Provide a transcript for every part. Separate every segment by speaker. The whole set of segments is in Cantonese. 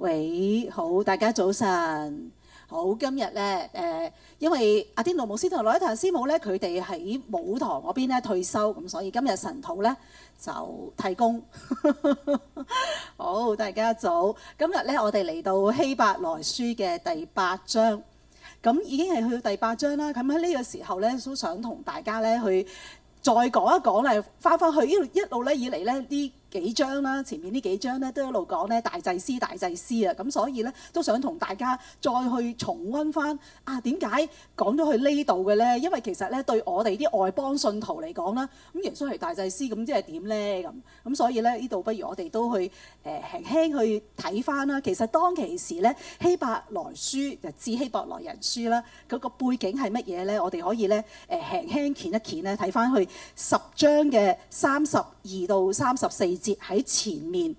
Speaker 1: 喂，好，大家早晨。好，今日呢，誒，因為阿天羅姆斯同羅伊塔斯姆呢，佢哋喺舞堂嗰邊呢退休，咁所以今日神徒呢就替工。好，大家早。今日呢，我哋嚟到希伯來書嘅第八章，咁已經係去到第八章啦。咁喺呢個時候呢，都想同大家呢去再講一講咧，翻翻去一路一路呢以來呢啲幾章啦，前面呢幾章咧都一路講咧大祭司、大祭司啊，咁所以咧都想同大家再去重溫翻啊，點解講咗去呢度嘅咧？因為其實咧對我哋啲外邦信徒嚟講啦，咁耶穌係大祭司咁即係點咧？咁咁所以咧呢度不如我哋都去誒、呃、輕輕去睇翻啦。其實當其時咧希伯來書就致希伯來人書啦，佢個背景係乜嘢咧？我哋可以咧誒、呃、輕輕捲一捲咧睇翻去十章嘅三十二到三十四。節喺前面，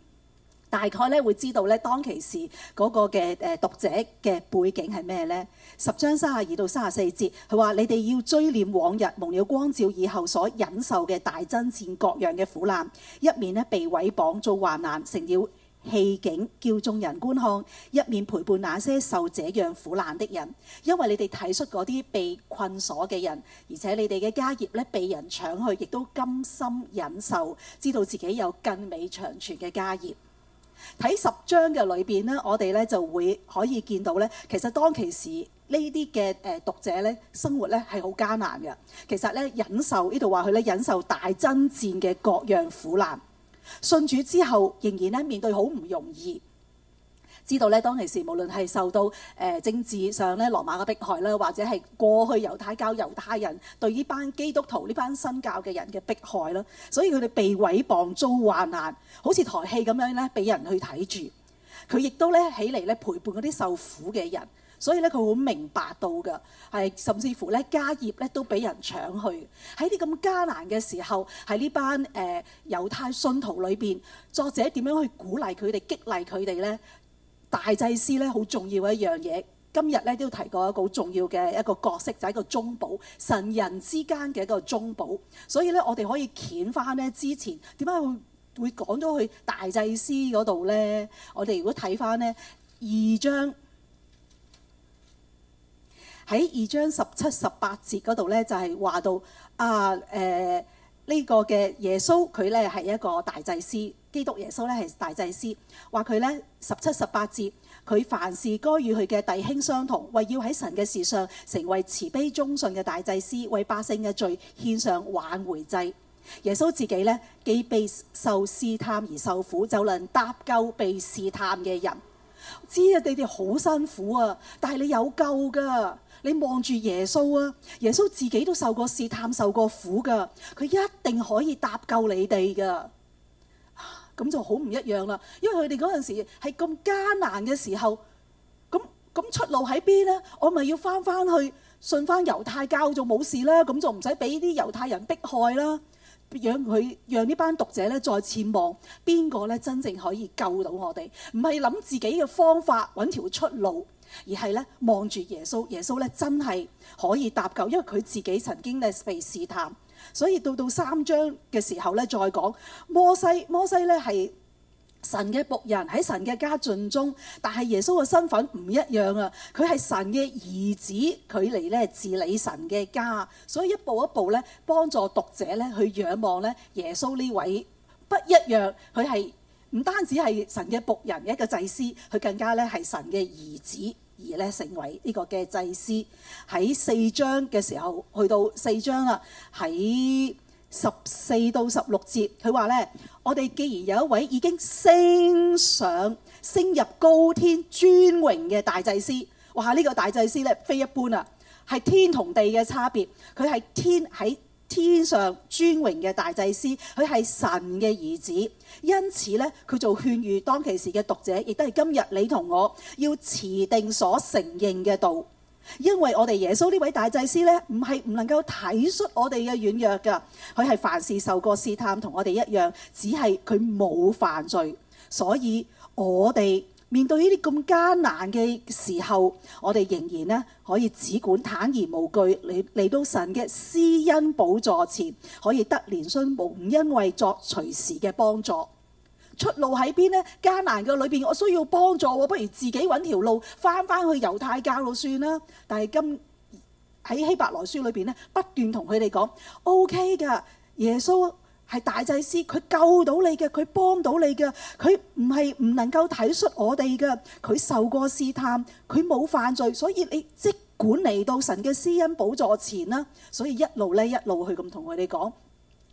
Speaker 1: 大概咧會知道咧當其時嗰個嘅誒讀者嘅背景係咩呢？十章三十二到三十四節，佢話：你哋要追念往日蒙了光照以後所忍受嘅大爭戰各樣嘅苦難，一面呢被委綁遭患難，成要。戲景叫眾人觀看，一面陪伴那些受這樣苦難的人，因為你哋睇出嗰啲被困鎖嘅人，而且你哋嘅家業咧被人搶去，亦都甘心忍受，知道自己有更美長存嘅家業。睇十章嘅裏邊呢，我哋呢就會可以見到呢，其實當其時呢啲嘅誒讀者呢，生活呢係好艱難嘅，其實呢，忍受呢度話佢呢，忍受大爭戰嘅各樣苦難。信主之後，仍然咧面對好唔容易。知道咧當其時，無論係受到誒政治上咧羅馬嘅迫害啦，或者係過去猶太教猶太人對呢班基督徒呢班新教嘅人嘅迫害啦，所以佢哋被毀謗遭患難，好似台戲咁樣咧俾人去睇住。佢亦都咧起嚟咧陪伴嗰啲受苦嘅人。所以咧，佢好明白到噶，係甚至乎咧家業咧都俾人搶去。喺啲咁艱難嘅時候，喺呢班誒猶太信徒裏邊，作者點樣去鼓勵佢哋、激勵佢哋咧？大祭司咧，好重要嘅一樣嘢。今日咧都提過一個好重要嘅一個角色，就係一個中保，神人之間嘅一個中保。所以咧，我哋可以揀翻咧之前點解會會講咗去大祭司嗰度咧？我哋如果睇翻咧二章。喺二章十七、十八節嗰度呢，就係話到啊，誒、呃、呢、呢個嘅耶穌佢呢係一個大祭司，基督耶穌呢係大祭司，話佢呢十七、十八節，佢凡事該與佢嘅弟兄相同，為要喺神嘅事上成為慈悲忠信嘅大祭司，為百姓嘅罪獻上挽回祭。耶穌自己呢，既被受試探而受苦，就能搭救被試探嘅人。知啊，你哋好辛苦啊，但係你有救㗎。你望住耶穌啊！耶穌自己都受過試探、受過苦噶，佢一定可以搭救你哋噶。咁就好唔一樣啦，因為佢哋嗰陣時係咁艱難嘅時候，咁咁出路喺邊呢？我咪要翻翻去信翻猶太教就冇事啦，咁就唔使俾啲猶太人迫害啦。讓佢讓呢班讀者咧再前望，邊個咧真正可以救到我哋？唔係諗自己嘅方法揾條出路。而係咧望住耶穌，耶穌咧真係可以搭救，因為佢自己曾經咧被試探，所以到到三章嘅時候咧再講摩西，摩西咧係神嘅僕人喺神嘅家盡忠。但係耶穌嘅身份唔一樣啊！佢係神嘅兒子，佢嚟咧治理神嘅家，所以一步一步咧幫助讀者咧去仰望咧耶穌呢位不一樣，佢係。唔單止係神嘅僕人一個祭司，佢更加咧係神嘅兒子而咧成為呢個嘅祭司。喺四章嘅時候去到四章啦，喺十四到十六節，佢話咧：我哋既然有一位已經升上、升入高天、尊榮嘅大祭司，哇！呢、這個大祭司咧非一般啊，係天同地嘅差別，佢係天喺。天上尊榮嘅大祭司，佢係神嘅兒子，因此呢佢做勸喻當其時嘅讀者，亦都係今日你同我要持定所承認嘅道，因為我哋耶穌呢位大祭司呢唔係唔能夠體恤我哋嘅軟弱噶，佢係凡事受過試探，同我哋一樣，只係佢冇犯罪，所以我哋。面對呢啲咁艱難嘅時候，我哋仍然呢可以只管坦然無懼，嚟嚟到神嘅施恩寶座前，可以得憐恤蒙恩，為作隨時嘅幫助。出路喺邊呢？艱難嘅裏邊，我需要幫助喎，我不如自己揾條路翻翻去猶太教路算啦。但係今喺希伯來書裏邊呢，不斷同佢哋講 OK 㗎，耶穌。係大祭司，佢救到你嘅，佢幫到你嘅，佢唔係唔能夠體恤我哋嘅，佢受過試探，佢冇犯罪，所以你即管嚟到神嘅施恩寶座前啦。所以一路呢一路去咁同佢哋講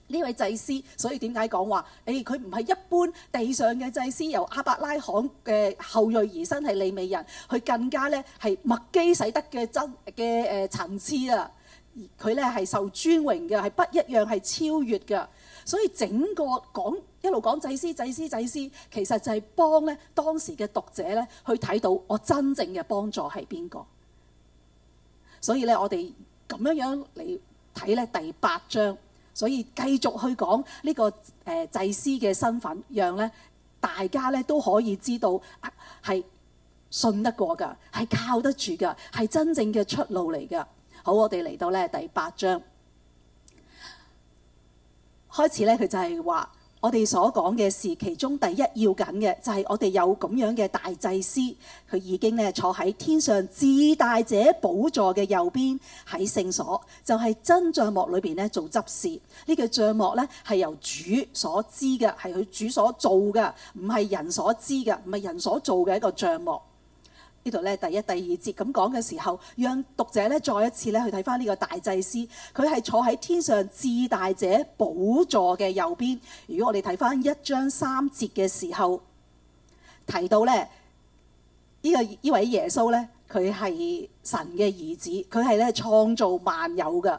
Speaker 1: 呢位祭司。所以點解講話？誒、哎，佢唔係一般地上嘅祭司，由亞伯拉罕嘅後裔而生係利未人，佢更加呢係麥基洗德嘅真嘅誒層次啊！佢呢係受尊榮嘅，係不一樣，係超越嘅。所以整個講一路講祭司，祭司，祭司，其實就係幫咧當時嘅讀者咧去睇到我真正嘅幫助係邊個？所以咧，我哋咁樣樣嚟睇咧第八章，所以繼續去講呢個誒祭司嘅身份，讓咧大家咧都可以知道係信得過㗎，係靠得住㗎，係真正嘅出路嚟㗎。好，我哋嚟到咧第八章。開始咧，佢就係話：我哋所講嘅事，其中第一要緊嘅就係我哋有咁樣嘅大祭司，佢已經咧坐喺天上至大者寶座嘅右邊，喺聖所，就係、是、真帳幕裏邊咧做執事。呢個帳幕咧係由主所知嘅，係佢主所做嘅，唔係人所知嘅，唔係人所做嘅一個帳幕。呢度咧第一、第二節咁講嘅時候，讓讀者咧再一次咧去睇翻呢個大祭司，佢係坐喺天上至大者寶座嘅右邊。如果我哋睇翻一章三節嘅時候，提到咧呢個呢位耶穌咧，佢係神嘅兒子，佢係咧創造萬有嘅。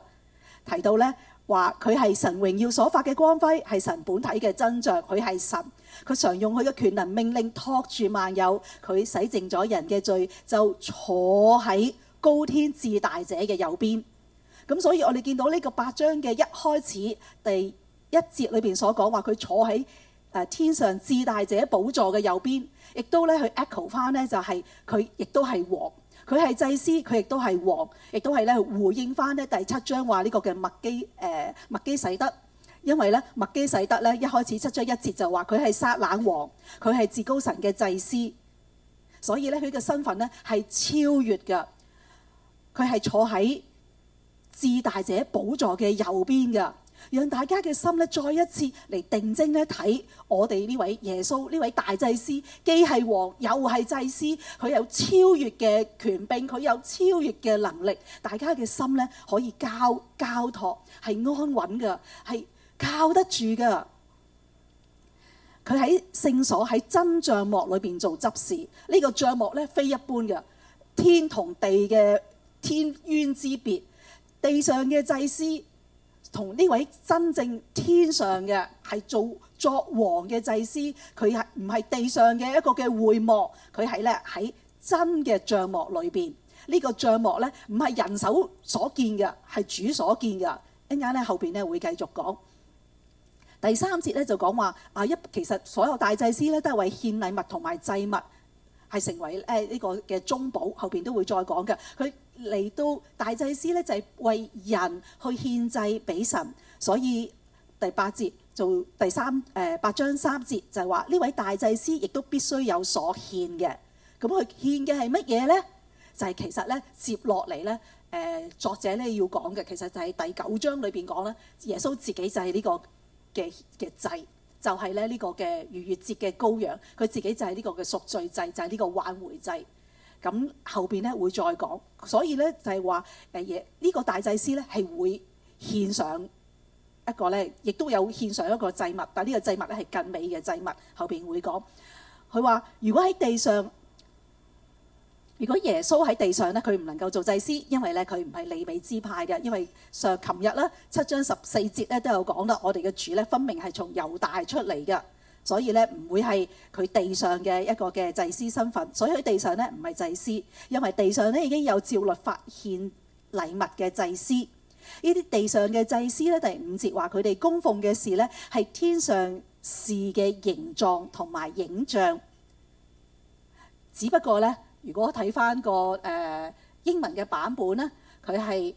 Speaker 1: 提到咧。話佢係神榮耀所發嘅光輝，係神本體嘅真像，佢係神，佢常用佢嘅權能命令托住萬有，佢洗淨咗人嘅罪，就坐喺高天至大者嘅右邊。咁所以我哋見到呢個八章嘅一開始第一節裏邊所講話，佢坐喺誒天上至大者寶座嘅右邊，亦都咧去 echo 翻呢，就係佢亦都係王。佢係祭司，佢亦都係王，亦都係回應第七章話呢個嘅麥基、呃、麥基洗德，因為咧麥基洗德呢一開始七章一節就話佢係沙冷王，佢係至高神嘅祭司，所以他佢嘅身份是係超越嘅，佢係坐喺至大者寶座嘅右邊嘅。讓大家嘅心咧再一次嚟定睛咧睇我哋呢位耶穌呢位大祭司，既係王又係祭司，佢有超越嘅權柄，佢有超越嘅能力。大家嘅心咧可以交交託，係安穩嘅，係靠得住嘅。佢喺聖所喺真帳幕裏邊做執事，呢、這個帳幕咧非一般嘅，天同地嘅天淵之別，地上嘅祭司。同呢位真正天上嘅係做作王嘅祭司，佢係唔係地上嘅一個嘅會幕，佢係咧喺真嘅帳幕裏邊。呢個帳幕咧唔係人手所見嘅，係主所見嘅。一陣間咧，後邊咧會繼續講。第三節咧就講話啊，一其實所有大祭司咧都係為獻禮物同埋祭物。係成為誒呢個嘅中保，後邊都會再講嘅。佢嚟到大祭司呢，就係、是、為人去獻祭俾神，所以第八節做第三誒、呃、八章三節就係話呢位大祭司亦都必須有所獻嘅。咁佢獻嘅係乜嘢呢？就係、是、其實呢，接落嚟呢，誒、呃、作者呢要講嘅，其實就係第九章裏邊講啦。耶穌自己就係呢個嘅嘅祭。就係咧，呢個嘅逾越節嘅羔羊，佢自己就係呢個嘅贖罪祭，就係呢個挽回祭。咁後邊咧，會再講，所以咧就係話誒嘢呢個大祭司咧係會獻上一個咧，亦都有獻上一個祭物，但呢個祭物咧係近尾嘅祭物，後邊會講。佢話如果喺地上。如果耶穌喺地上呢，佢唔能夠做祭司，因為呢，佢唔係利未支派嘅。因為上琴日咧七章十四節咧都有講到，我哋嘅主呢，分明係從猶大出嚟嘅，所以呢，唔會係佢地上嘅一個嘅祭司身份。所以喺地上呢，唔係祭司，因為地上呢已經有照律法獻禮物嘅祭司。呢啲地上嘅祭司呢，第五節話佢哋供奉嘅事呢，係天上事嘅形狀同埋影像，只不過呢。如果睇翻個英文嘅版本咧，佢係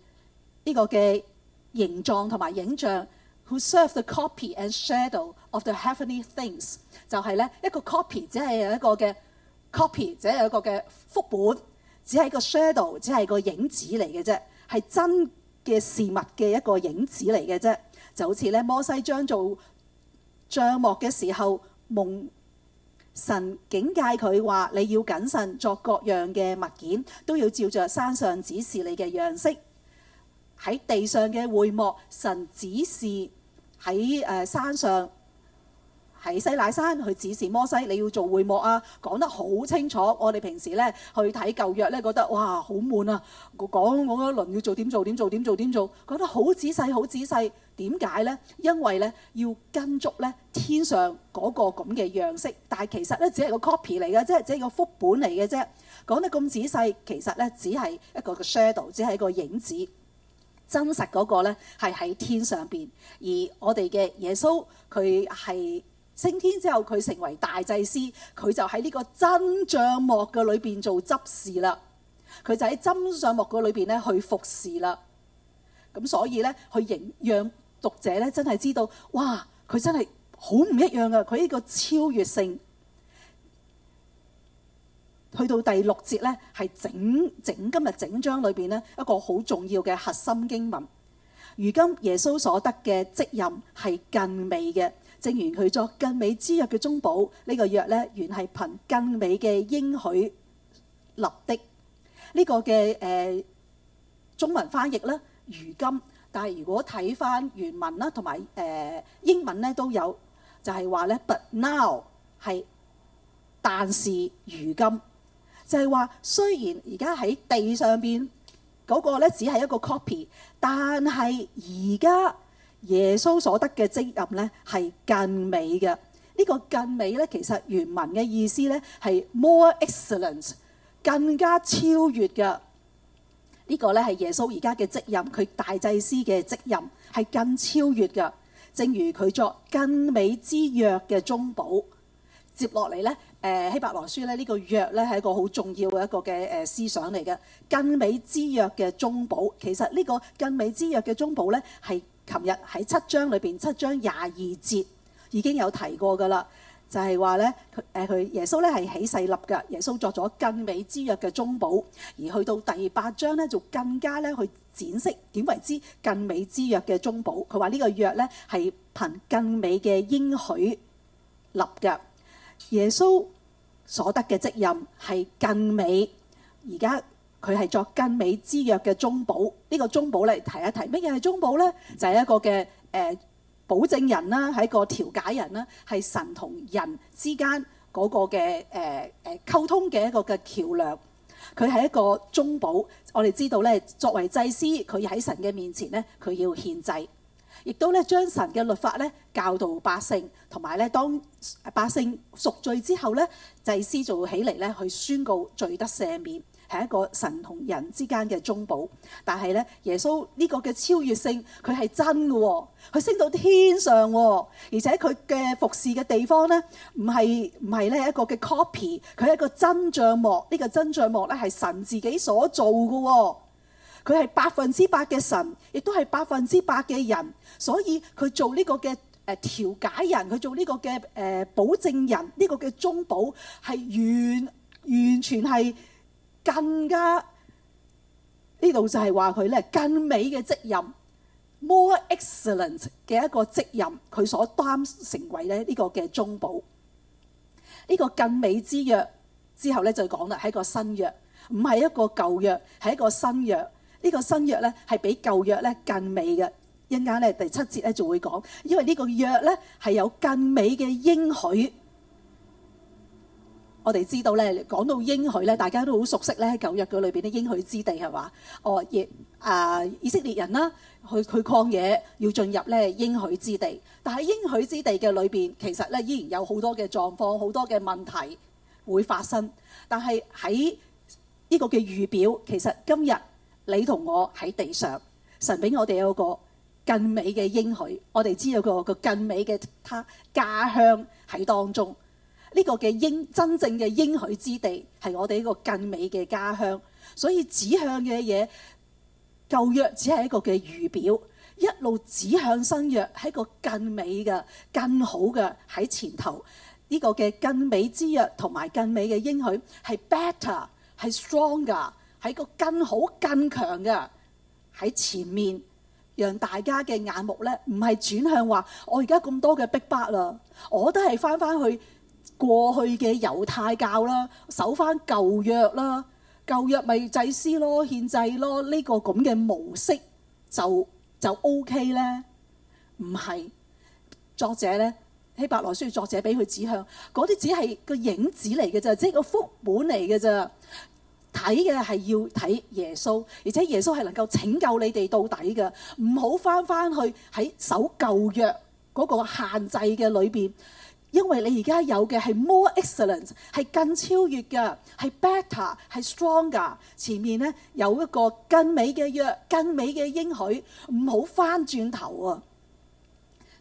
Speaker 1: 呢個嘅形狀同埋影像。Who serve the copy and shadow of the heavenly things？就係咧一個 copy，只係一個 copy，只係一個嘅 copy，只係一個嘅副本，只係個 shadow，只係個影子嚟嘅啫。係真嘅事物嘅一個影子嚟嘅啫。就好似咧摩西將做帳幕嘅時候夢神警戒佢話：你要謹慎作各樣嘅物件，都要照着山上指示你嘅樣式喺地上嘅會幕。神指示喺誒山上。喺西乃山去指示摩西，你要做會幕啊，講得好清楚。我哋平時呢去睇舊約呢，覺得哇好悶啊！講我嗰輪要做點做點做點做點做，講得好仔細好仔細。點解呢？因為呢要跟足呢天上嗰個咁嘅樣式，但係其實呢，只係個 copy 嚟嘅啫，即係只係個副本嚟嘅啫。講得咁仔細，其實呢只係一個個 shadow，只係一個影子。真實嗰個呢係喺天上邊，而我哋嘅耶穌佢係。升天之後，佢成為大祭司，佢就喺呢個真帳幕嘅裏邊做執事啦。佢就喺真帳幕嘅裏邊咧去服侍啦。咁所以呢，去讓讀者咧真係知道，哇！佢真係好唔一樣嘅。佢呢個超越性，去到第六節呢，係整整，整今日整章裏邊咧一個好重要嘅核心經文。如今耶穌所得嘅職任係更美嘅。正如佢作更美之約嘅中保，呢、這個約呢，原係憑更美嘅應許立的。呢、這個嘅誒、呃、中文翻譯呢，如今。但係如果睇翻原文啦，同埋誒英文呢，都有，就係、是、話呢 but now 係但是如今，就係、是、話雖然而家喺地上邊嗰、那個咧只係一個 copy，但係而家。耶穌所得嘅職任咧係更美嘅，呢個更美咧其實原文嘅意思咧係 more excellent，更加超越嘅。呢個咧係耶穌而家嘅職任，佢大祭司嘅職任係更超越嘅。正如佢作更美之約嘅中保。接落嚟呢，誒希伯來書咧呢個約呢係一個好重要嘅一個嘅誒思想嚟嘅。更美之約嘅中保，其實呢個更美之約嘅中保呢係。琴日喺七章裏邊七章廿二節已經有提過㗎喇，就係話咧誒佢耶穌咧係起誓立嘅，耶穌作咗更美之約嘅中保，而去到第八章咧就更加咧去展釋點為之更美之約嘅中保。佢話呢個約咧係憑更美嘅應許立嘅，耶穌所得嘅職任係更美。而家。佢係作更美之約嘅中保，呢、這個中保嚟提一提乜嘢係中保呢？就係、是、一個嘅誒、呃、保證人啦，係一個調解人啦，係神同人之間嗰個嘅誒誒溝通嘅一個嘅橋梁。佢係一個中保，我哋知道呢，作為祭司，佢喺神嘅面前呢，佢要獻祭，亦都呢將神嘅律法呢教導百姓，同埋呢當百姓贖罪之後呢，祭司就做起嚟呢去宣告罪得赦免。係一個神同人之間嘅中保，但係呢，耶穌呢個嘅超越性，佢係真嘅，佢升到天上，而且佢嘅服侍嘅地方呢，唔係唔係咧一個嘅 copy，佢係一個真帳幕。呢、這個真帳幕呢，係神自己所做嘅，佢係百分之百嘅神，亦都係百分之百嘅人，所以佢做呢個嘅誒調解人，佢做呢個嘅誒保證人，呢、這個嘅中保係完完全係。更加呢度就係話佢呢更美嘅職任，more excellent 嘅一個職任，佢所擔承為呢呢個嘅中保。呢個更美之約之後呢就講啦，係一個新約，唔係一個舊約，係一個新約。呢個新約呢係比舊約呢更美嘅。一陣間呢第七節呢就會講，因為呢個約呢係有更美嘅應許。我哋知道咧，講到應許咧，大家都好熟悉咧。舊約嗰裏邊啲應許之地係嘛？哦，也啊，以色列人啦，去去曠野要進，要進入咧應許之地。但喺應許之地嘅裏邊，其實咧依然有好多嘅狀況，好多嘅問題會發生。但係喺呢個嘅預表，其實今日你同我喺地上，神俾我哋有個更美嘅應許。我哋知道個個更美嘅他家鄉喺當中。呢個嘅應真正嘅應許之地係我哋一個更美嘅家鄉，所以指向嘅嘢舊約只係一個嘅預表，一路指向新約係一個更美嘅、更好嘅喺前頭。呢個嘅更美之約同埋更美嘅應許係 better、係 strong 噶，係一個更好、更強嘅喺前面，讓大家嘅眼目呢唔係轉向話我而家咁多嘅逼迫啦，我都係翻翻去。過去嘅猶太教啦，守翻舊約啦，舊約咪祭司咯、獻祭咯，呢個咁嘅模式就就 OK 咧？唔係作者咧，《希伯來書》作者俾佢指向嗰啲，只係個影子嚟嘅啫，即係個副本嚟嘅啫。睇嘅係要睇耶穌，而且耶穌係能夠拯救你哋到底嘅。唔好翻翻去喺守舊約嗰個限制嘅裏邊。因為你而家有嘅係 more excellent，係更超越嘅，係 better，係 stronger。前面呢有一個更美嘅約，更美嘅應許，唔好翻轉頭啊！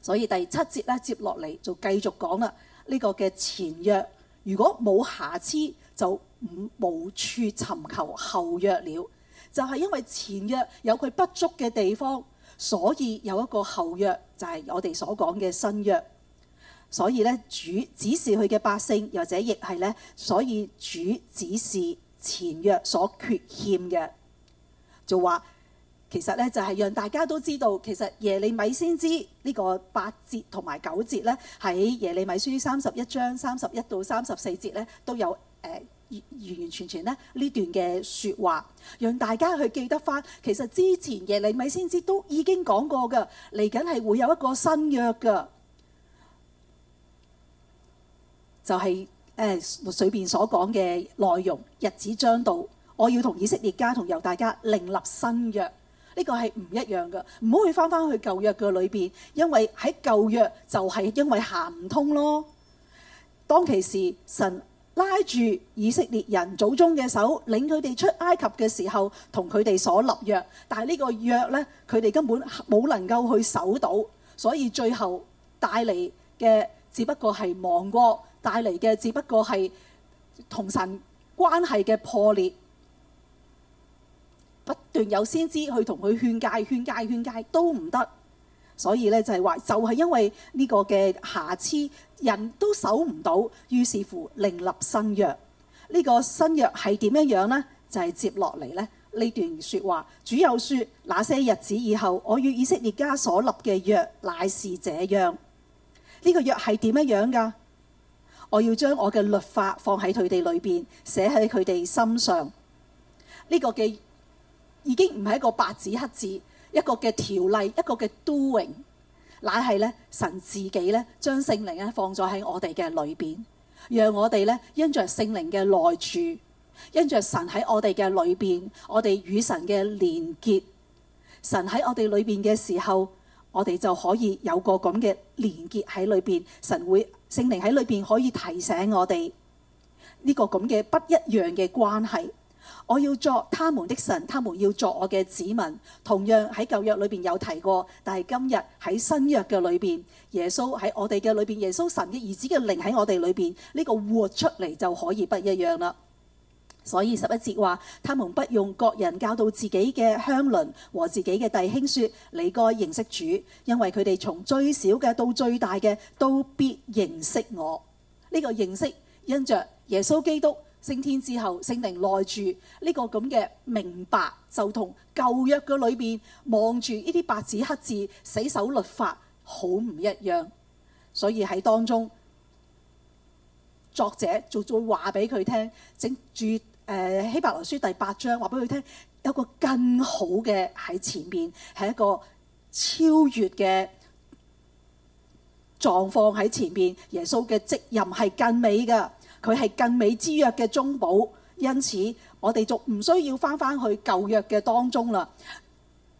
Speaker 1: 所以第七節咧接落嚟就繼續講啦，呢、這個嘅前約，如果冇瑕疵，就唔無，無處尋求後約了。就係、是、因為前約有佢不足嘅地方，所以有一個後約，就係、是、我哋所講嘅新約。所以咧，主指示佢嘅百姓，又者亦係咧，所以主指示前約所缺欠嘅，就話其實咧，就係讓大家都知道，其實耶利米先知呢個八節同埋九節咧，喺耶利米書三十一章三十一到三十四節咧，都有、呃、完完全全咧呢這段嘅說話，讓大家去記得返，其實之前耶利米先知都已經講過㗎，嚟緊係會有一個新約㗎。就係誒裏邊所講嘅內容，日子將到，我要同以色列家同猶大家另立新約。呢個係唔一樣㗎，唔好去返返去舊約嘅裏邊，因為喺舊約就係因為行唔通咯。當其時，神拉住以色列人祖宗嘅手，領佢哋出埃及嘅時候，同佢哋所立約，但係呢個約呢，佢哋根本冇能夠去守到，所以最後帶嚟嘅只不過係亡國。帶嚟嘅只不過係同神關係嘅破裂，不斷有先知去同佢勸戒、勸戒、勸戒都唔得，所以呢，就係話就係因為呢個嘅瑕疵，人都守唔到，於是乎另立新約。呢、呢個新約係點樣樣呢？就係、係、接落嚟咧呢呢段説話，主有説：那些日子以後，我與以色列家所立嘅約乃是這樣。呢、呢個約係點樣樣㗎？我要將我嘅律法放喺佢哋裏邊，寫喺佢哋心上。呢個嘅已經唔係一個白紙黑字，一個嘅條例，一個嘅 doing，乃係咧神自己咧將聖靈咧放咗喺我哋嘅裏邊，讓我哋咧因着聖靈嘅內住，因着神喺我哋嘅裏邊，我哋與神嘅連結。神喺我哋裏邊嘅時候，我哋就可以有個咁嘅連結喺裏邊，神會。聖靈喺裏邊可以提醒我哋呢、這個咁嘅不一樣嘅關係。我要作他們的神，他們要作我嘅子民。同樣喺舊約裏邊有提過，但係今日喺新約嘅裏邊，耶穌喺我哋嘅裏邊，耶穌神嘅兒子嘅靈喺我哋裏邊，呢、這個活出嚟就可以不一樣啦。所以十一節話：他們不用各人教導自己嘅鄉鄰和自己嘅弟兄說你該認識主，因為佢哋從最小嘅到最大嘅都必認識我。呢、這個認識因着耶穌基督升天之後，聖靈內住呢、這個咁嘅明白，就同舊約嘅裏面望住呢啲白紙黑字死守律法好唔一樣。所以喺當中，作者做咗話俾佢聽：請住。誒希伯來書第八章話俾佢聽，有個更好嘅喺前面，係一個超越嘅狀況喺前面，耶穌嘅職任係更美嘅，佢係更美之約嘅中保。因此，我哋就唔需要翻翻去舊約嘅當中啦。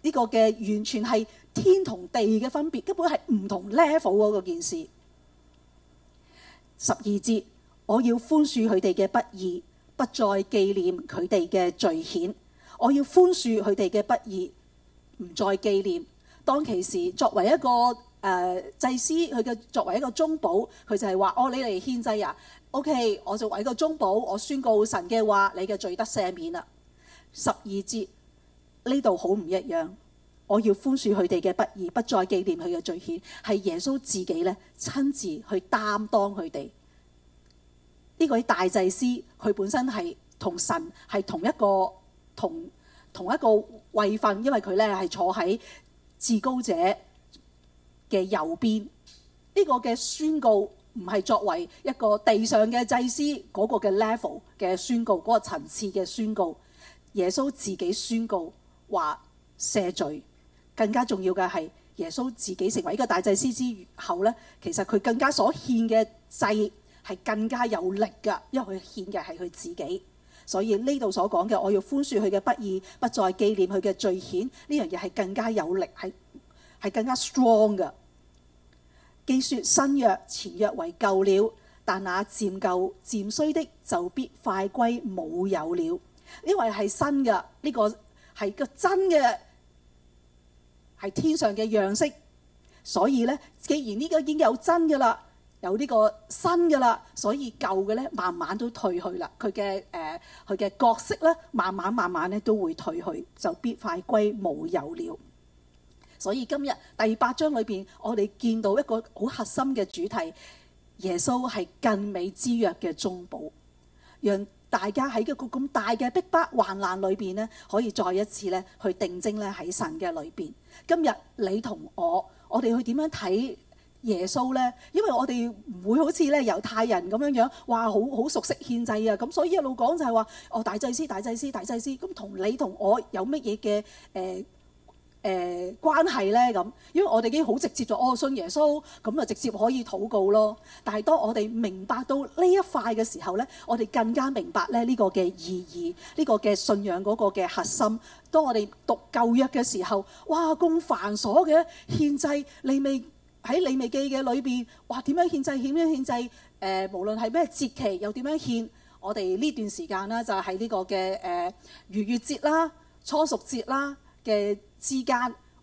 Speaker 1: 呢個嘅完全係天同地嘅分別，根本係唔同 level 嗰件事。十二節，我要寬恕佢哋嘅不義。不再紀念佢哋嘅罪愆，我要寬恕佢哋嘅不義，唔再紀念。當其時，作為一個誒、呃、祭司，佢嘅作為一個中保，佢就係話：哦，你嚟獻祭啊！OK，我作為一個中保，我宣告神嘅話，你嘅罪得赦免啦。十二節呢度好唔一樣，我要寬恕佢哋嘅不義，不再紀念佢嘅罪愆，係耶穌自己咧親自去擔當佢哋。呢位大祭司，佢本身係同神係同一個同同一個位份，因為佢咧係坐喺至高者嘅右邊，呢個嘅宣告唔係作為一個地上嘅祭司嗰個嘅 level 嘅宣告，嗰個層次嘅宣告。耶穌自己宣告話赦罪，更加重要嘅係耶穌自己成為一個大祭司之後咧，其實佢更加所獻嘅祭。係更加有力噶，因為佢獻嘅係佢自己，所以呢度所講嘅，我要寬恕佢嘅不義，不再紀念佢嘅罪愆，呢樣嘢係更加有力，係係更加 strong 噶。既説新約前約為舊了，但那漸舊漸衰的就必快歸冇有了，呢位係新嘅呢、呢個係個真嘅係天上嘅樣式，所以呢，既然呢個已經有真嘅啦。有呢個新嘅啦，所以舊嘅呢慢慢都退去啦。佢嘅誒，佢嘅角色呢，慢慢慢慢都會退去，就必快歸無有了。所以今日第八章裏面，我哋見到一個好核心嘅主題，耶穌係更美之約嘅中保，讓大家喺一個咁大嘅逼迫患難裏面呢，可以再一次呢去定睛呢，喺神嘅裏面。今日你同我，我哋去點樣睇？耶穌呢，因為我哋唔會好似咧猶太人咁樣樣，話好好熟悉獻祭啊，咁所以一路講就係話哦大祭司、大祭司、大祭司，咁同你同我有乜嘢嘅誒誒關係呢？咁因為我哋已經好直接就、哦、我信耶穌咁就直接可以禱告咯。但係當我哋明白到呢一塊嘅時候呢，我哋更加明白咧呢個嘅意義，呢、這個嘅信仰嗰個嘅核心。當我哋讀舊約嘅時候，哇咁繁瑣嘅獻祭，你未？喺《利未記》嘅裏邊，哇點樣獻祭，點樣獻祭？誒、呃，無論係咩節期，又點樣獻？我哋呢段時間啦，就係、是、呢個嘅誒，逾、呃、月節啦、初熟節啦嘅之間，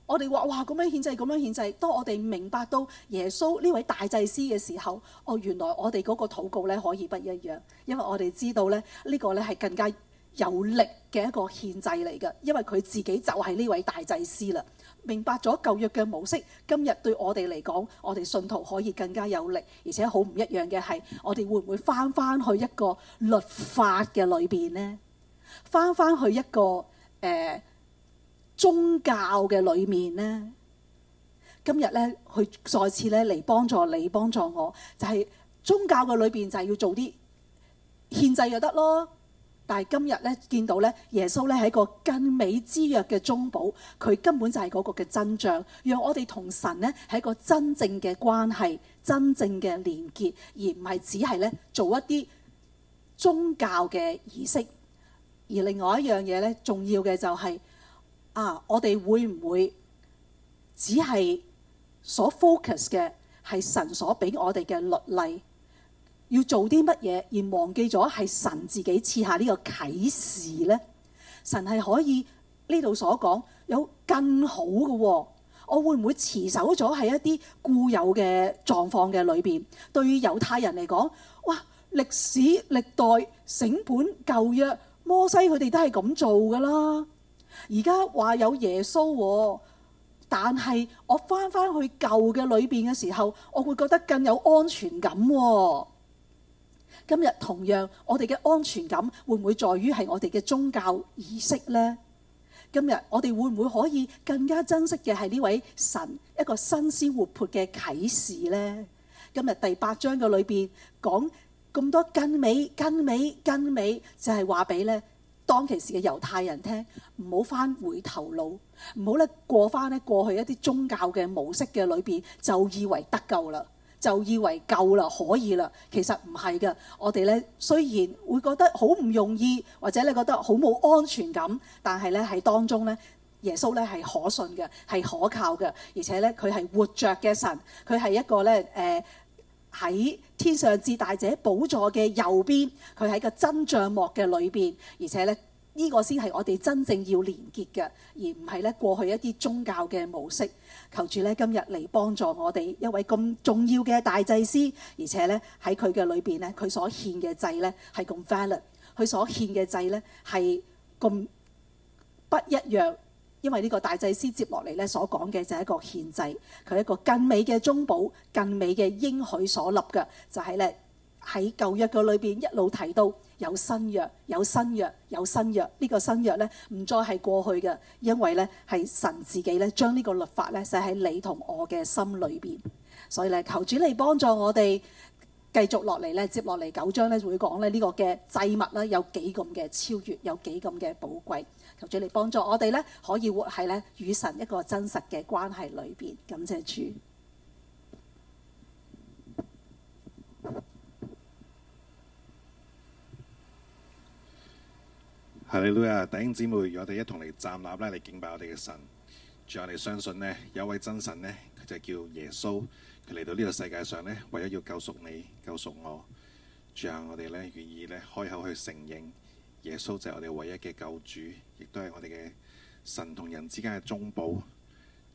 Speaker 1: 我哋話哇，咁樣獻祭，咁樣獻祭。當我哋明白到耶穌呢位大祭司嘅時候，哦，原來我哋嗰個禱告咧可以不一樣，因為我哋知道咧，呢、這個咧係更加有力嘅一個獻祭嚟嘅，因為佢自己就係呢位大祭司啦。明白咗舊約嘅模式，今日對我哋嚟講，我哋信徒可以更加有力，而且好唔一樣嘅係，我哋會唔會翻翻去一個律法嘅裏邊呢？翻翻去一個誒、呃、宗教嘅裏面呢？今日呢，佢再次呢嚟幫助你，幫助我，就係、是、宗教嘅裏邊就係要做啲獻祭就得咯。但係今日咧，見到咧，耶穌咧係一個更美之約嘅中保，佢根本就係嗰個嘅真像，讓我哋同神呢係一個真正嘅關係、真正嘅連結，而唔係只係咧做一啲宗教嘅儀式。而另外一樣嘢咧，重要嘅就係、是、啊，我哋會唔會只係所 focus 嘅係神所俾我哋嘅律例？要做啲乜嘢而忘記咗係神自己賜下呢個啟示咧？神係可以呢度所講有更好嘅，哦，我會唔會持守咗喺一啲固有嘅狀況嘅裏邊，對於猶太人嚟講，哇！歷史歷代成本舊約摩西佢哋都係咁做噶啦。而家話有耶穌，哦，但係我翻翻去舊嘅裏邊嘅時候，我會覺得更有安全感，哦今日同樣，我哋嘅安全感會唔會在於係我哋嘅宗教意識呢？今日我哋會唔會可以更加珍惜嘅係呢位神一個新鮮活潑嘅啟示呢？今日第八章嘅裏邊講咁多更美、更美、更美，就係話俾呢當其時嘅猶太人聽，唔好翻回頭路，唔好咧過翻咧過去一啲宗教嘅模式嘅裏邊，就以為得救啦。就以為夠啦，可以啦。其實唔係嘅，我哋咧雖然會覺得好唔容易，或者你覺得好冇安全感，但係咧喺當中咧，耶穌咧係可信嘅，係可靠嘅，而且咧佢係活着嘅神，佢係一個咧誒喺天上至大者寶座嘅右邊，佢喺個真帳幕嘅裏邊，而且咧。呢個先係我哋真正要連結嘅，而唔係咧過去一啲宗教嘅模式。求住咧今日嚟幫助我哋一位咁重要嘅大祭司，而且咧喺佢嘅裏邊咧，佢所獻嘅祭咧係咁 valid，佢所獻嘅祭咧係咁不一樣。因為呢個大祭司接落嚟咧所講嘅就係一個獻祭，佢係一個更美嘅中保，更美嘅應許所立嘅，就係咧喺舊約嘅裏邊一路提到。有新約，有新約，有新約。呢個新約呢，唔再係過去嘅，因為呢係神自己咧將呢個律法呢寫喺你同我嘅心裏邊。所以咧，求主你幫助我哋繼續落嚟咧，接落嚟九章呢會講咧呢個嘅祭物啦，有幾咁嘅超越，有幾咁嘅寶貴。求主你幫助我哋呢，可以活喺呢與神一個真實嘅關係裏邊。感謝主。
Speaker 2: 係，你女啊，弟兄姊妹，與我哋一同嚟站立咧，嚟敬拜我哋嘅神。主啊，我哋相信咧，有一位真神咧，佢就叫耶穌，佢嚟到呢個世界上咧，唯一要救贖你，救贖我。主啊，我哋咧願意咧開口去承認，耶穌就係我哋唯一嘅救主，亦都係我哋嘅神同人之間嘅中保。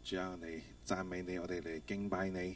Speaker 2: 主啊，我哋讚美你，我哋嚟敬拜你。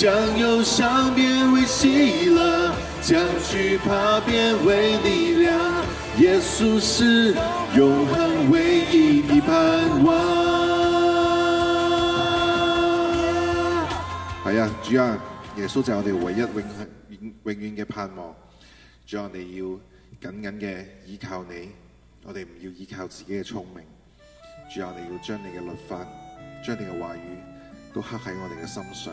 Speaker 3: 將憂傷變為喜樂，將懼怕變為力量。耶穌是永恒唯一的盼望。
Speaker 2: 係呀，主啊，耶穌就係我哋唯一永恒、永遠嘅盼望。主啊，我哋要緊緊嘅依靠你，我哋唔要依靠自己嘅聰明。主啊，我哋要將你嘅律法、將你嘅話語都刻喺我哋嘅心上。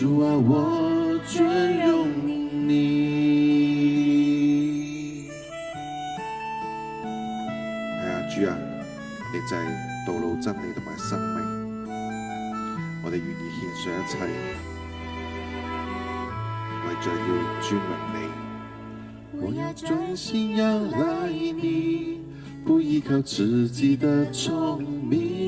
Speaker 3: 主啊，我尊重你。
Speaker 2: 係啊、哎，主啊，你就係道路、真理同埋生命，我
Speaker 3: 哋願意獻上一切，為咗要尊榮你。我要專心仰賴你，不依靠自己的聰明。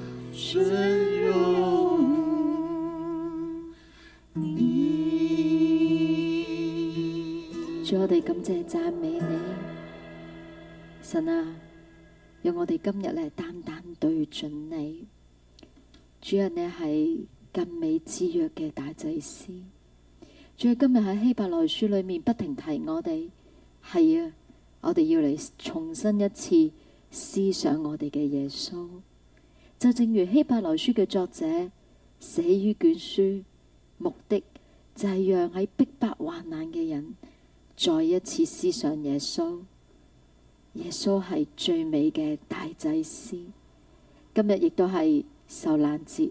Speaker 4: 尊我哋感謝讚美你，神啊，讓我哋今日咧單單對準你，主啊，你係更美之約嘅大祭司。仲要今日喺希伯來書裏面不停提我哋，係啊，我哋要嚟重新一次思想我哋嘅耶穌。就正如希伯來書嘅作者寫于卷書，目的就係讓喺逼迫患難嘅人再一次思想耶穌。耶穌係最美嘅大祭司。今日亦都係受難節，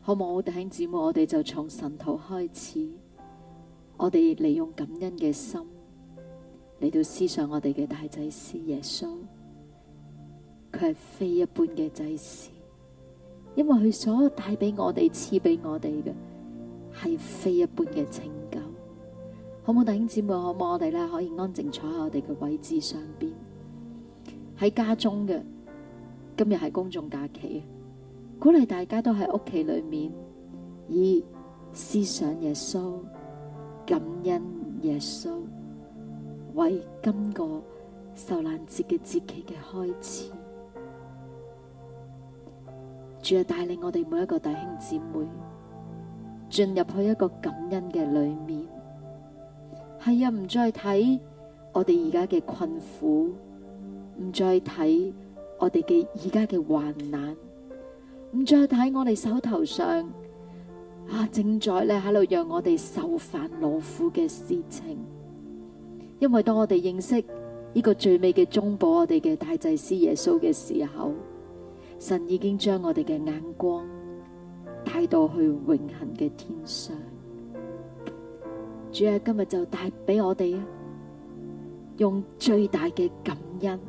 Speaker 4: 好冇弟兄姊妹？我哋就從神徒開始，我哋利用感恩嘅心嚟到思想我哋嘅大祭司耶穌。佢係非一般嘅祭司，因為佢所帶俾我哋、賜俾我哋嘅係非一般嘅拯救。好唔好弟兄姊妹？好唔好我哋咧可以安靜坐喺我哋嘅位置上邊，喺家中嘅。今日係公眾假期，鼓勵大家都喺屋企裏面以思想耶穌、感恩耶穌，為今個受難節嘅節期嘅開始。主啊，帶領我哋每一個弟兄姊妹進入去一個感恩嘅裏面，係啊，唔再睇我哋而家嘅困苦，唔再睇我哋嘅而家嘅患難，唔再睇我哋手頭上啊正在咧喺度讓我哋受煩勞苦嘅事情。因為當我哋認識呢個最美嘅中保我哋嘅大祭司耶穌嘅時候。神已經將我哋嘅眼光帶到去永恒嘅天上，主啊，今日就帶俾我哋，用最大嘅感恩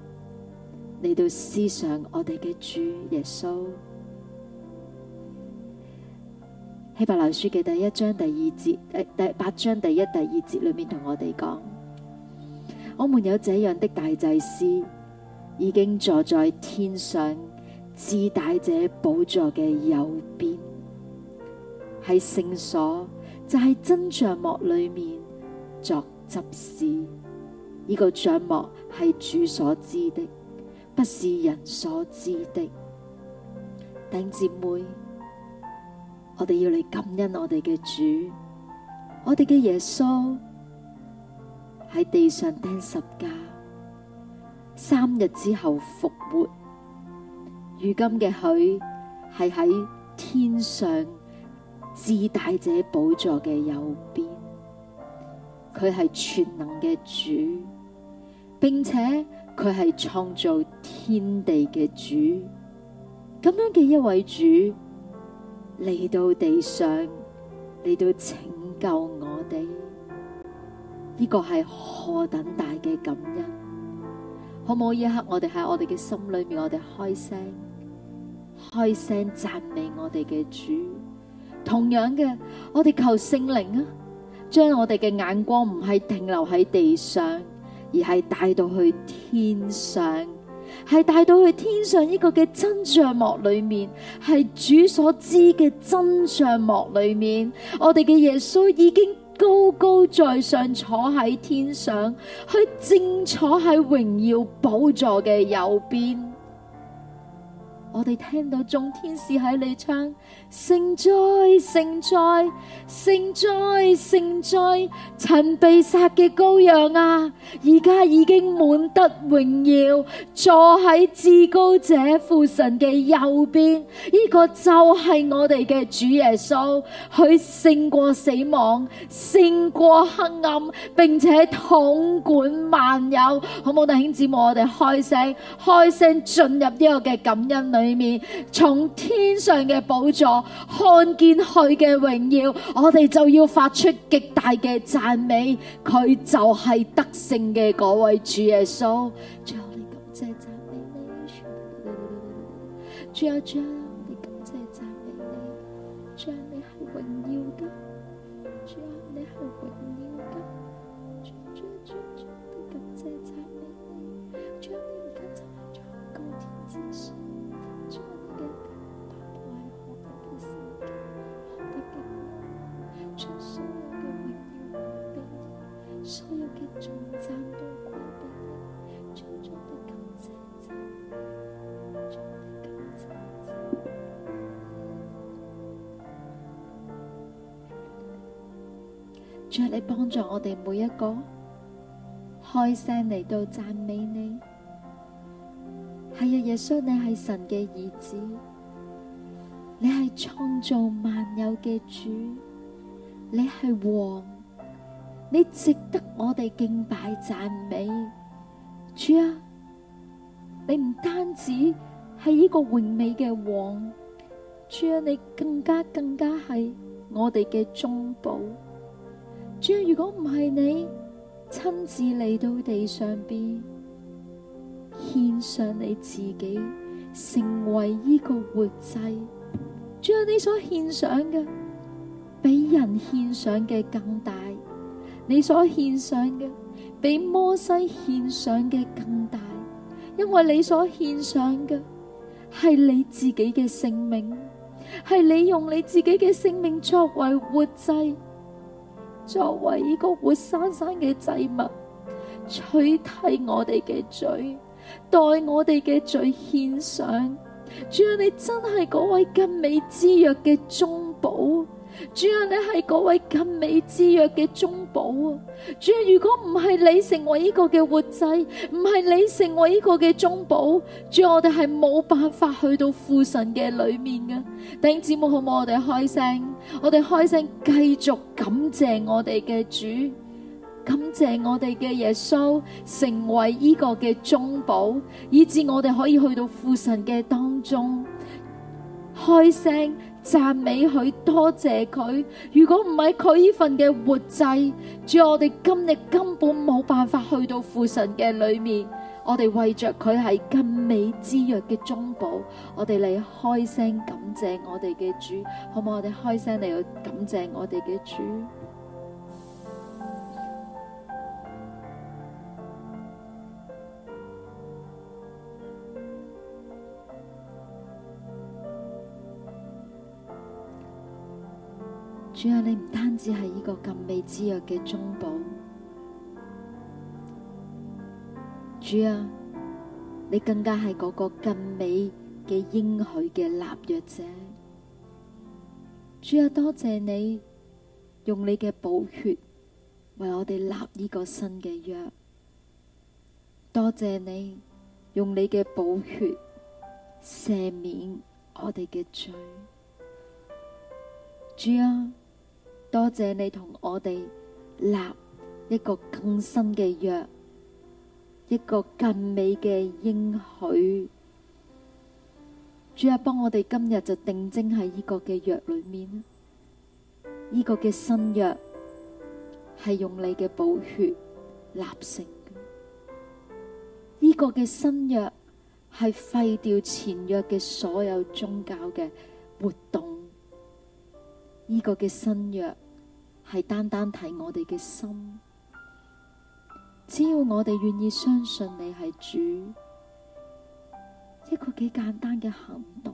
Speaker 4: 嚟到思想我哋嘅主耶穌。希伯來書嘅第一章第二節，第第八章第一第二節裏面同我哋講，我們有這樣的大祭司，已經坐在天上。至大者寶座嘅右邊，喺聖所就喺、是、真帳幕裏面作執事。呢、這個帳幕係主所知的，不是人所知的。弟姐妹，我哋要嚟,感恩我哋嘅主，我哋嘅耶穌喺地上釘十架，三日之後復活。如今嘅佢係喺天上至大者寶座嘅右邊，佢係全能嘅主，並且佢係創造天地嘅主。咁樣嘅一位主嚟到地上，嚟到拯救我哋，呢、呢個係何等大嘅感恩！可唔可以一刻我哋喺我哋嘅心裏面，我哋開聲。開聲讚美我哋嘅主，同樣嘅，我哋求聖靈啊，將我哋嘅眼光唔係停留喺地上，而係帶到去天上，係帶到去天上呢個嘅真帳幕裏面，係主所支嘅真帳幕裏面，我哋嘅耶穌已經高高在上坐喺天上，佢正坐喺榮耀寶座嘅右邊。我哋聽到眾天使喺你唱，聖哉聖哉聖哉聖哉，曾被殺嘅羔羊啊！而家已經滿得榮耀，坐喺至高者父神嘅右邊。呢個就係我哋嘅主耶穌，佢勝過死亡，勝過黑暗，並且統管萬有。好唔好？弟兄姊妹，我哋開聲，開聲進入呢個嘅感恩啊！裏面從天上嘅寶座看見佢嘅榮耀，我哋就要發出極大嘅讚美，佢就係得勝嘅嗰位主耶穌。最後你感謝讚美你，主啊，主啊。主啊，你幫助我哋每一個開聲嚟到讚美你。係啊，耶穌，你係神嘅兒子，你係創造萬有嘅主，你係王，你值得我哋敬拜讚美。主啊，你唔單止係呢個完美嘅王，主啊，你更加更加係我哋嘅中保。主啊，如果唔係你親自嚟到地上邊獻上你自己，成為呢個活祭，主啊，你所獻上嘅比人獻上嘅更大，你所獻上嘅比摩西獻上嘅更大，因為你所獻上嘅係你自己嘅性命，係你用你自己嘅性命作為活祭。作為一個活生生嘅祭物，取替我哋嘅罪，代我哋嘅罪獻上，主啊，你真係嗰位更美之約嘅中保。主啊，你係嗰位更美之約嘅中保啊！主啊，如果唔係你成為呢個嘅活祭，唔係你成為呢個嘅中保，主啊，我哋係冇辦法去到父神嘅裏面嘅。弟兄姊妹，可唔可以我哋開聲？我哋開聲，繼續感謝我哋嘅主，感謝我哋嘅耶穌成為呢個嘅中保，以至我哋可以去到父神嘅當中開聲。讚美佢，多謝佢。如果唔係佢呢份嘅活祭，主，我哋今日根本冇辦法去到父神嘅裏面。我哋為着佢係更美之約嘅中保，我哋嚟開聲感謝我哋嘅主，好唔好？我哋開聲嚟去感謝我哋嘅主。主啊，你唔單止係呢個更美之約嘅中保，主啊，你更加係嗰個更美嘅應許嘅立約者。主啊，多謝你用你嘅寶血為我哋立呢個新嘅約，多謝你用你嘅寶血赦免我哋嘅罪。主啊！多謝你同我哋立一個更新嘅約，一個更美嘅應許。主阿，幫我哋今日就定睛喺呢個嘅約裏面。呢個嘅新約係用你嘅寶血立成嘅。呢個嘅新約係廢掉前約嘅所有宗教嘅活動。呢個嘅新約係單單睇我哋嘅心，只要我哋願意相信你係主，一個幾簡單嘅行動，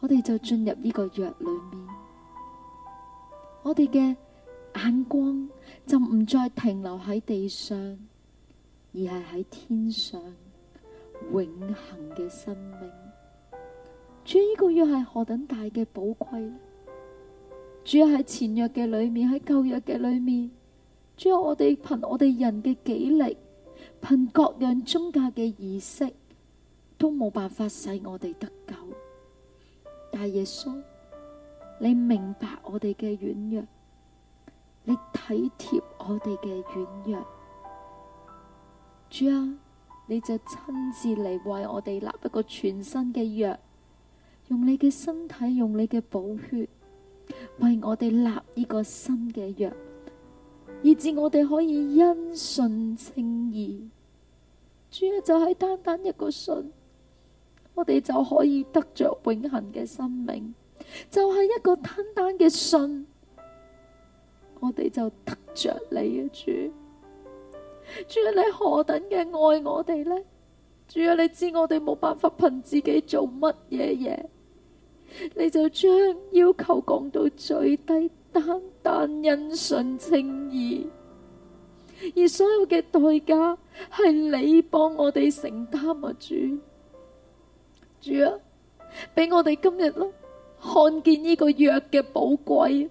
Speaker 4: 我哋就進入呢個約裏面。我哋嘅眼光就唔再停留喺地上，而係喺天上永恆嘅生命。主，呢個約係何等大嘅寶貴呢？主要喺前約嘅裏面，喺舊約嘅裏面，主要我哋憑我哋人嘅己力，憑各樣宗教嘅儀式，都冇辦法使我哋得救。但耶穌，你明白我哋嘅軟弱，你體貼我哋嘅軟弱，主啊，你就親自嚟為我哋立一個全新嘅約，用你嘅身體，用你嘅寶血。為我哋立呢個新嘅約，以至我哋可以因信稱義。主啊，就係單單一個信，我哋就可以得着永恒嘅生命。就係一個單單嘅信，我哋就得着你啊，主。主啊，你何等嘅愛我哋呢？主啊，你知我哋冇辦法憑自己做乜嘢嘢。你就將要求降到最低，單單因信稱義，而所有嘅代價係你幫我哋承擔啊，主！主啊，俾我哋今日囉，看見呢個約嘅寶貴，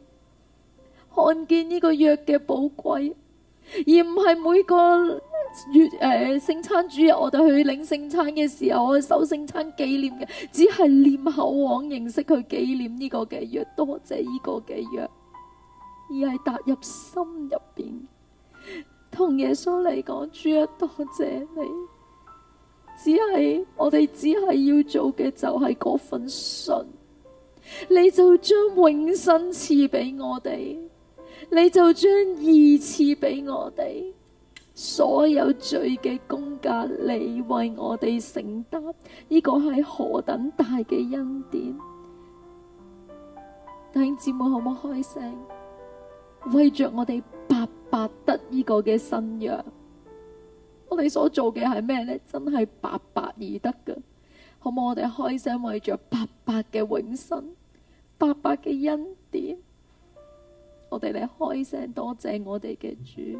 Speaker 4: 看見呢個約嘅寶貴，而唔係每個。聖誒，聖餐主日，我哋去領聖餐嘅時候，我哋守聖餐紀念嘅，只係念口往形式去紀念呢個嘅約，多謝呢個嘅約，而係踏入心入邊，同耶穌嚟講，主啊，多謝你。只係我哋只係要做嘅就係嗰份信，你就將永生賜俾我哋，你就將義賜俾我哋。所有罪嘅工價，你為我哋承擔，呢個係何等大嘅恩典！弟兄姊妹，可唔可開聲為着我哋白白得呢個嘅信仰？我哋所做嘅係咩咧？真係白白而得嘅，可唔可我哋開聲為着白白嘅永生、白白嘅恩典？我哋嚟開聲多謝我哋嘅主。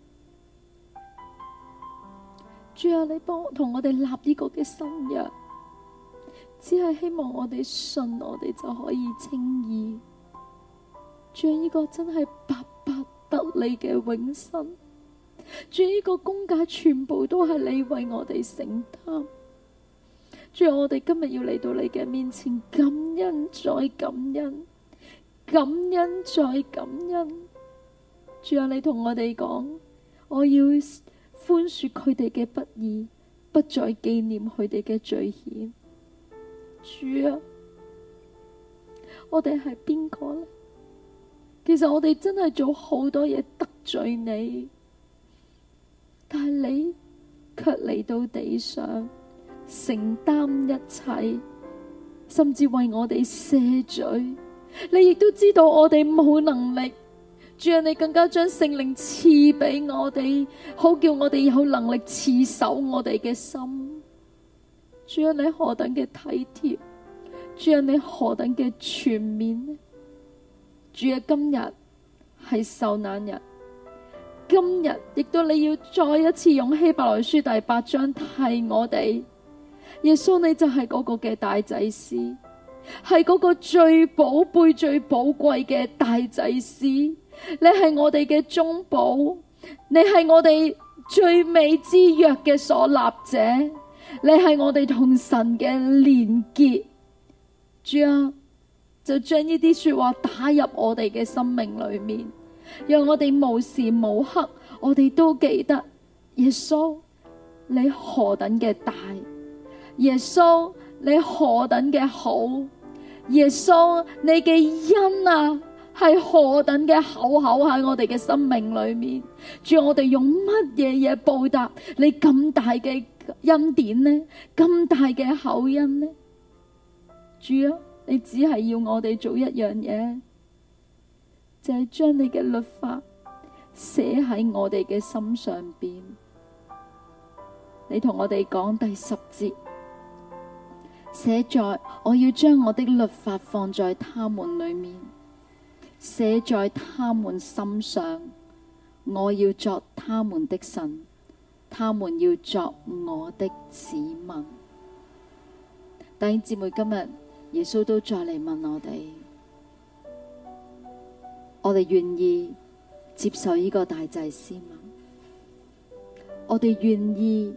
Speaker 4: 主啊，有你幫同我哋立呢個嘅新約，只係希望我哋信，我哋就可以稱義。主啊，呢個真係白白得你嘅永生。主呢個公價全部都係你為我哋承擔。主啊，我哋今日要嚟到你嘅面前感恩，再感恩，感恩再感恩。主啊，你同我哋講，我要。寬恕佢哋嘅不義，不再紀念佢哋嘅罪愆。主啊，我哋係邊個呢？其實我哋真係做好多嘢，得罪你，但係你卻嚟到地上承擔一切，甚至為我哋卸罪。你亦都知道我哋冇能力。主啊，你更加將聖靈賜俾我哋，好叫我哋有能力賜守我哋嘅心。主啊，你何等嘅體貼，主啊，你何等嘅全面呢？主啊，今日係受難日，今日亦都你要再一次用希伯來書第八章替我哋。耶穌，你就係嗰個嘅大祭司，係嗰個最寶貝、最寶貴嘅大祭司。你係我哋嘅中保，你係我哋最美之約嘅所立者，你係我哋同神嘅連結。主啊，就將呢啲說話打入我哋嘅生命裏面，讓我哋無時無刻，我哋都記得耶穌，你何等嘅大，耶穌，你何等嘅好，耶穌，你嘅恩啊！係何等嘅口口喺我哋嘅生命裏面？主，我哋用乜嘢嘢報答你咁大嘅恩典呢？咁大嘅口音呢？主啊，你只係要我哋做一樣嘢，就係、是、將你嘅律法寫喺我哋嘅心上邊。你同我哋講第十節，寫在我要將我的律法放在他們裏面。寫在他們心上，我要作他們的神，他們要作我的子民。弟兄姊妹，今日耶穌都再嚟問我哋，我哋願意接受呢個大祭司嗎？我哋願意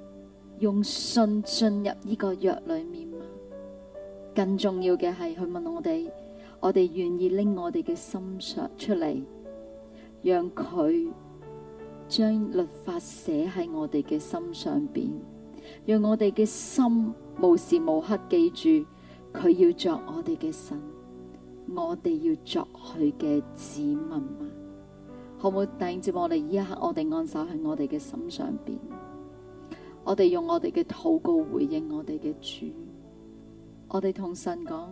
Speaker 4: 用信進入呢個約裏面嗎？更重要嘅係佢問我哋。我哋願意拎我哋嘅心上出嚟，讓佢將律法寫喺我哋嘅心上邊，讓我哋嘅心無時無刻記住佢要作我哋嘅神，我哋要作佢嘅子民嘛？好唔好？第二節我哋依一刻我我，我哋按手喺我哋嘅心上邊，我哋用我哋嘅禱告回應我哋嘅主，我哋同神講：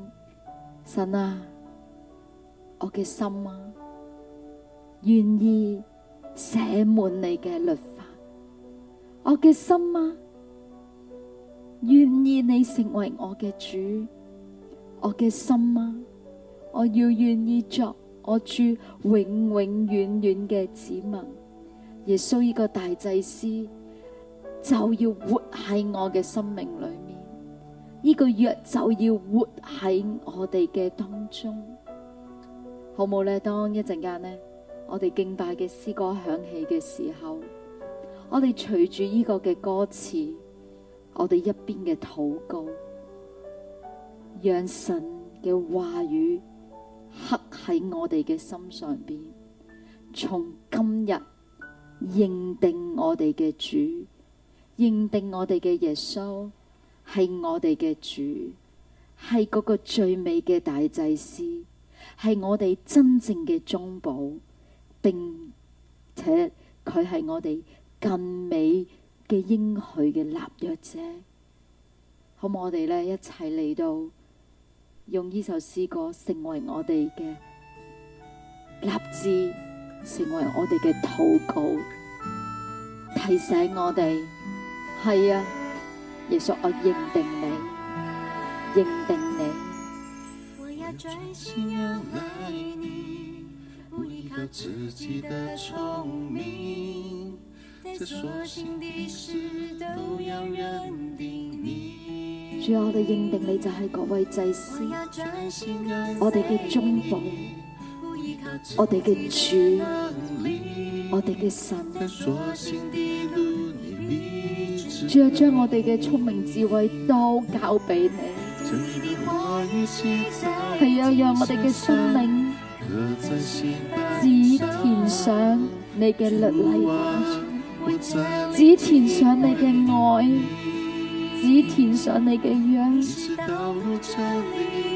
Speaker 4: 神啊！我嘅心啊，願意寫滿你嘅律法。我嘅心啊，願意你成為我嘅主。我嘅心啊，我要願意作我主永永遠遠嘅子民。耶穌呢個大祭司就要活喺我嘅生命裏面，呢個約就要活喺我哋嘅當中。好冇咧？當一陣間咧，我哋敬拜嘅詩歌響起嘅時候，我哋隨住呢個嘅歌詞，我哋一邊嘅禱告，讓神嘅話語刻喺我哋嘅心上邊，從今日認定我哋嘅主，認定我哋嘅耶穌係我哋嘅主，係嗰個最美嘅大祭司，係我哋真正嘅中保，並且佢係我哋更美嘅應許嘅立約者。好唔好？我哋咧一齊嚟到用呢首詩歌，成為我哋嘅立志，成為我哋嘅禱告，提醒我哋。係啊，耶穌，我認定你，認定你。主要我哋認定你，就係各位祭司，我哋嘅忠僕，的的明我哋嘅主，我哋嘅神。主要將我哋嘅聰明智慧都交畀你。是要讓我哋嘅生命，只填上你嘅律例，只填上你嘅愛，只填上你嘅約，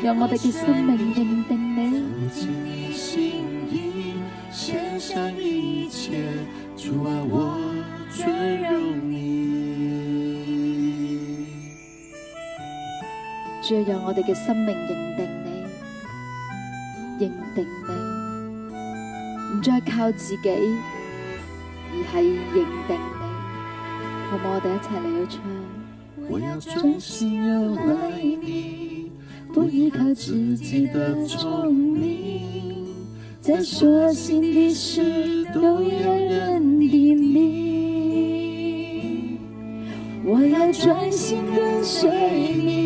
Speaker 4: 讓我哋嘅生命認定你。要讓我哋嘅生命認定你，認定你，唔再靠自己，而係認定你，好唔好？我哋一齊嚟去唱。我，我要專心愛你，不依靠自己的聰明，在所行的事都願認定你，我要專心的，最的有你。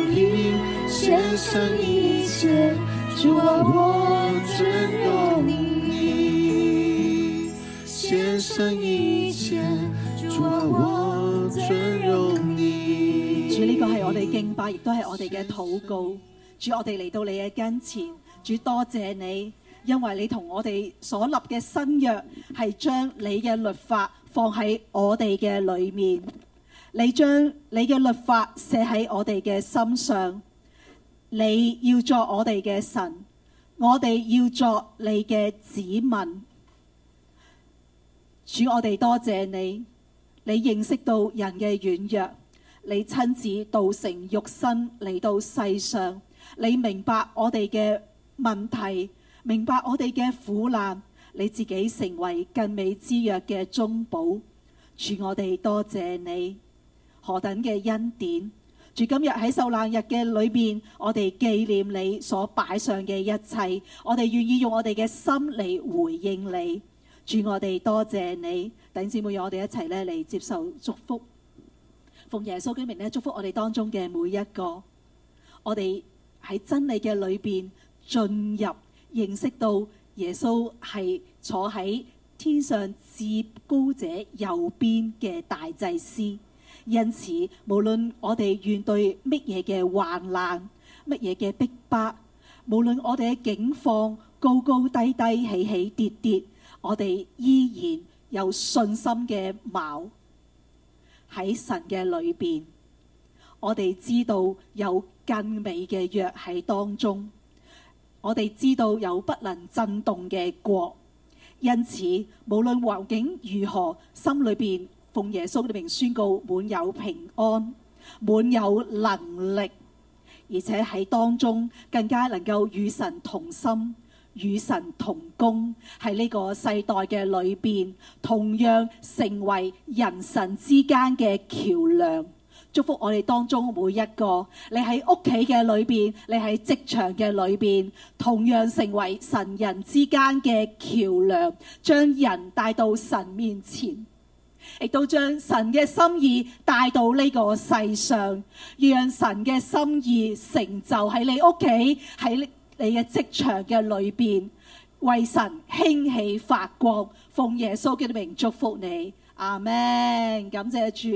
Speaker 3: 獻上一切，主啊，我尊榮你。
Speaker 1: 獻上一切，主啊，我尊榮你。主，呢個係我哋敬拜，亦都係我哋嘅禱告。主，我哋嚟到你嘅跟前。主，多謝你，因為你同我哋所立嘅新約，係將你嘅律法放喺我哋嘅裏面。你將你嘅律法寫喺我哋嘅心上。你要做我哋嘅神，我哋要做你嘅子民。主，我哋多謝你，你認識到人嘅軟弱，你親自道成肉身嚟到世上，你明白我哋嘅問題，明白我哋嘅苦難，你自己成為更美之約嘅中保。主，我哋多謝你何等嘅恩典。住今日喺受難日嘅裏邊，我哋紀念你所擺上嘅一切，我哋願意用我哋嘅心嚟回應你。主，我哋多謝你，弟兄姊妹，與我哋一齊咧嚟接受祝福，奉耶穌之名咧祝福我哋當中嘅每一個。我哋喺真理嘅裏邊進入，認識到耶穌係坐喺天上至高者右邊嘅大祭司。因此，無論我哋面對乜嘢嘅患難，乜嘢嘅逼迫，無論我哋嘅境況高高低低、起起跌跌，我哋依然有信心嘅矛喺神嘅裏面。我哋知道有更美嘅約喺當中，我哋知道有不能震動嘅國。因此，無論環境如何，心裏邊。奉耶穌嘅名宣告滿有平安，滿有能力，而且喺當中更加能夠與神同心，與神同工，喺呢個世代嘅裏面，同樣成為人神之間嘅橋梁。祝福我哋當中每一個，你喺屋企嘅裏面、你喺職場嘅裏面，同樣成為神人之間嘅橋梁，將人帶到神面前。亦都將神嘅心意帶到呢個世上，讓神嘅心意成就喺你屋企，喺你嘅職場嘅裏面，為神興起發光，奉耶穌基督嘅名祝福你。阿們，感謝主，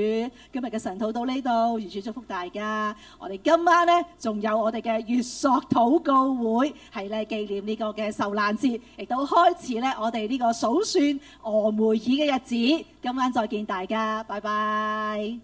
Speaker 1: 今日嘅晨禱到呢度，完全祝福大家。我哋今晚呢，仲有我哋嘅月朔禱告會，係咧紀念呢個嘅受難節，亦都開始咧我哋呢個數算俄梅爾嘅日子。今晚再見大家，拜拜。